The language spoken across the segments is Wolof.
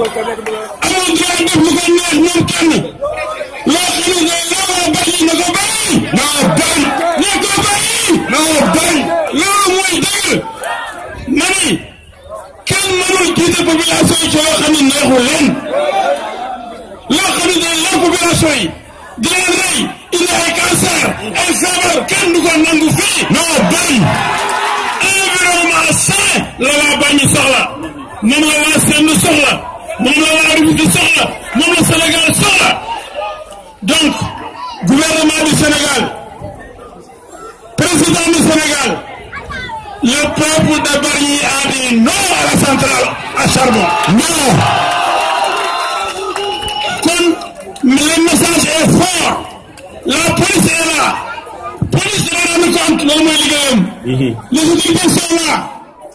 amul ku def lu ko neex moom kenn loo xam ne loo na ko bàyyi naa bañ na ko bàyyi naa bañ loolu mooy dëgg ma ne kenn mënul jiite population yi ci loo xam ne neexul leen loo xam ne day lor population yi di leen rey indi ay cancer ay feebar kenn du ko nangu fii naa bañ environnement sain la waa bañ soxla moom la waa seen soxla moom la waa République soxla moom la Sénégal soxla donc gouvernement du Sénégal président du Sénégal le peuple de Bargny a dit non à la centrale à charbon non kon le message est fort la police est là police dana rendre compte loolu mooy liggéeyam mhm. les autorités sont là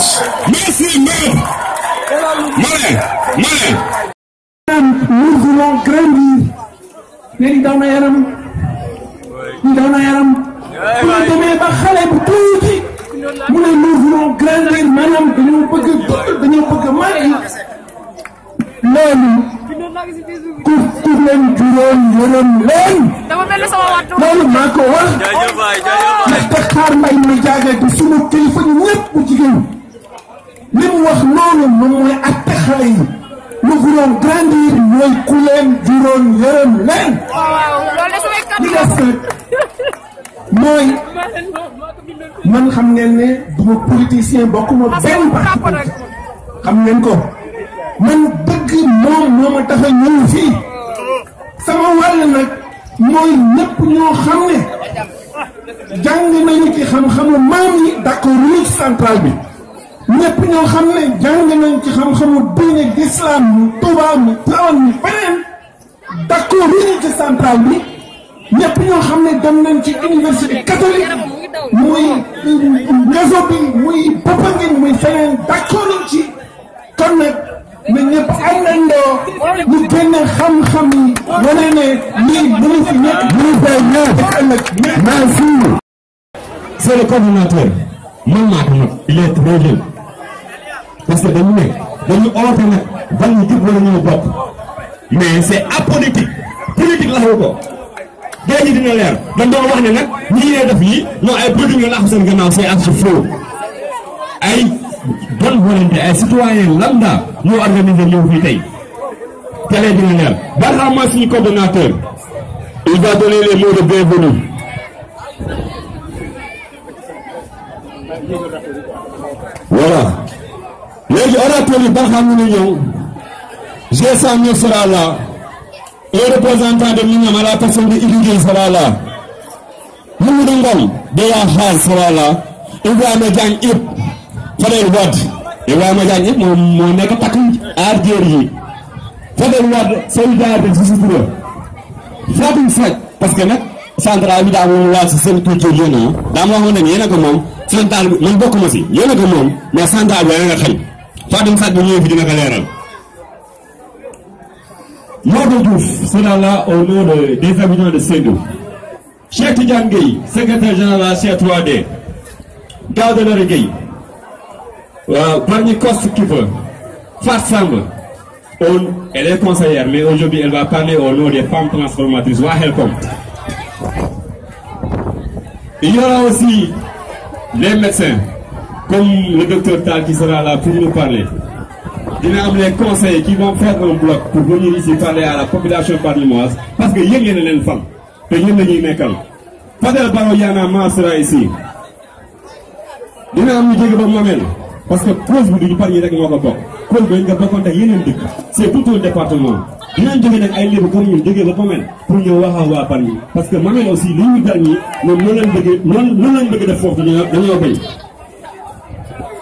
Marcos, Messi, Mané, Mané. Murgulo grande. Neli dá na era. Ni dá na era. Kuma também ba xale bu tuuti. Mu ne murgulo grande manam dañu bëgg dëkk dañu bëgg mari. Loolu kuf kuf leen juróom yërëm leen. sama wattu. Loolu maa ko wax. Jaajëf waay jaajëf waay. Ndax Dakar mbay mi li mu wax loolu moom mooy atte xale yi lu gënoon grandir mooy ku juróon yërëm leen. li des mooy man xam ngeen ne duma politicien bokkuma ah, benn parti politique xam ngeen ko man bëgg moom moo ma tax a ñëw fii sama wàll nag mooy ñëpp ñoo xam ne jàng nañu ci xam-xamu maam yi d'accord central bi. ñëpp ñoo xam ne jàng nañ ci xam-xamu diine islam mu Tuuba mu Tiwaawan mu feneen d'accord ñu ci central bi ñëpp ñoo xam ne dem nañ ci université catholique muy réseau bi muy Popenguine muy feneen d'accord nañ ci kon nag na ñëpp àndandoo ñu génne xam-xam yi wane ne lii bu ñu fi ñëpp bu ñu bay ñëw ëllëg merci c'est le coordinateur man maa ko nag il est très bien parce que dañu ne dañu oote nag ban ñu jub wala ñoo bopp mais c' est apolitique politique laxu ko. géej gi dina leer dañ doon wax ne nag ñi ñee def yi non ay politique la laxu seen gannaaw c' est archi faux ay bonne volonté ay citoyen lambda ñoo organiser ñëw fii tey. télé dina leer Barham mooy suñu coordonnateur. il va donner les mots de bienvenue. voilà. léegi orateur yi ba xam ne ñëw G100 ñëw sera là représentant de Mignam à la personne de Idy Gueye sera là Mamadou Ngom Deya Xaal sera là Ibrahima moom moo nekk takk aar jéer yi Fadel Wade Seydou de Sisi Touré Fatou parce que nag central bi daa moom waa si seen culture yéen a daa waxoon ne yéen a ko moom central bi man bokkuma si yéen a ko moom mais central bi yéen a nga xañ Fatim Sack bu ñëwee fi dina ko leeral. Modou Diouf c'est là au nom des habitants de Sédhiou. Cheikh Tidiane Gueye secrétaire général de la C3D. Daouda de Gueye. waaw parmi Kost Kifa. elle est conseillère mais aujourd'hui elle va parler au nom des femmes transformatrices Wahelkom. il y aura aussi les médecins comme le docteur Tal qui sera là pour nous parler. Il y a des conseils qui vont faire un bloc pour venir ici parler à la population parlementaire parce que yéen yéen leen femme te de la Fadel sera ici dina am ñu ba parce que cause du rek cause tout le département pour parce que Mamel aussi li ñu mais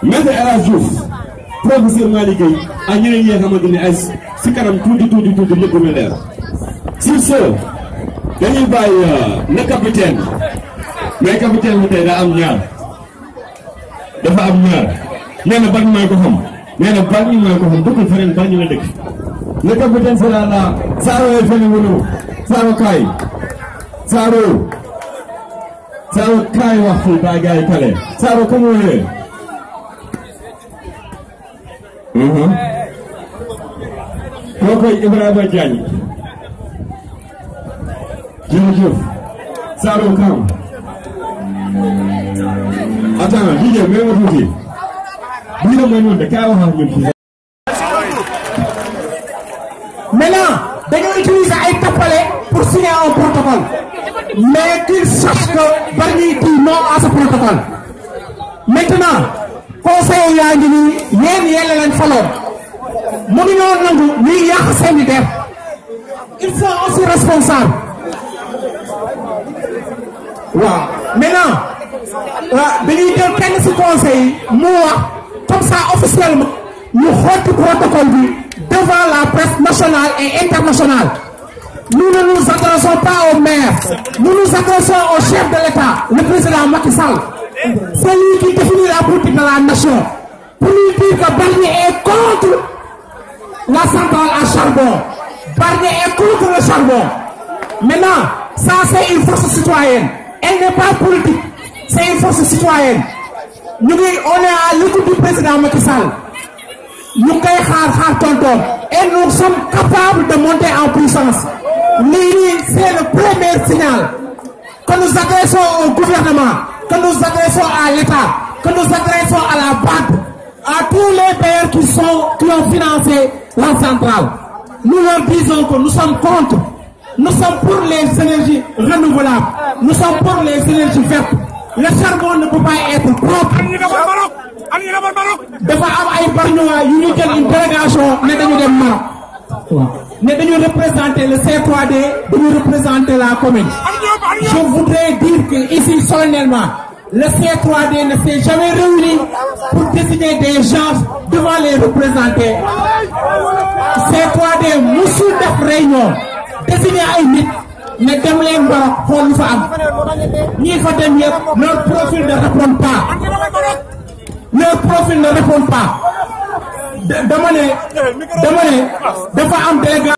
maître El Hadj Diouf professeur Malick Gueye ak ñeneen ñi nga xamante ne ay si kanam tuuti tuuti tuuti lépp lu leer. sur ce dañuy bàyyi euh, le capitaine mais capitaine bi tey daa am ñaar dafa am ñaar nee na ban mooy ko xam nee na ban mooy ko xam dëkkul feneen ban ñu la dëkk. le capitaine c'est là là Saaro yooyu feneen wunu Saaro kaay Saaro Saaro kaay wax fii ba gars yi kale Saaro comme kookoy mm-hmm. Ibrahima Diagne jërëjëf Saalum Kam attends DJ may ma tuuti bii la mooy noonu de kaa wax ak fii maintenant dañoo utiliser ay tappale pour signer un protocole mais qu'il sache que Bargny dit non conseil yaa ngi ils sont aussi responsables maintenant les ah, jël kenn conseil Nous, comme ça officiellement ñu le protocole devant la presse nationale et internationale nous ne nous adressons pas au maire nous nous adressons au chef de l'État le président Macky Sall c'est lui qui définit la politique dans la nation, pour lui dire que Barnier est contre la centrale à charbon, Barnier est contre le charbon. Maintenant, ça c'est une force citoyenne. Elle n'est pas politique, c'est une force citoyenne. Nous, on est à l'écoute du président Macky Sall. Nous, et nous sommes capables de monter en puissance. c'est le premier signal que nous adressons au gouvernement que nous adressons à l'État, que nous adressons à la banque, à tous les pays qui, sont, qui ont financé la centrale. Nous leur disons que nous sommes contre. Nous sommes pour les énergies renouvelables. Nous sommes pour les énergies vertes. Le charbon ne peut pas être propre mais nous représenter le C3D nous représenter la commune je voudrais dire que ici solennellement le C3D ne s'est jamais réuni pour désigner des gens devant les représenter C3D nous sommes réunion désigner ay nit mais comme les ba les lu fa am ñi dem leur profil ne répond pas leur profil ne répond pas dama ne dama ne dafa am délégation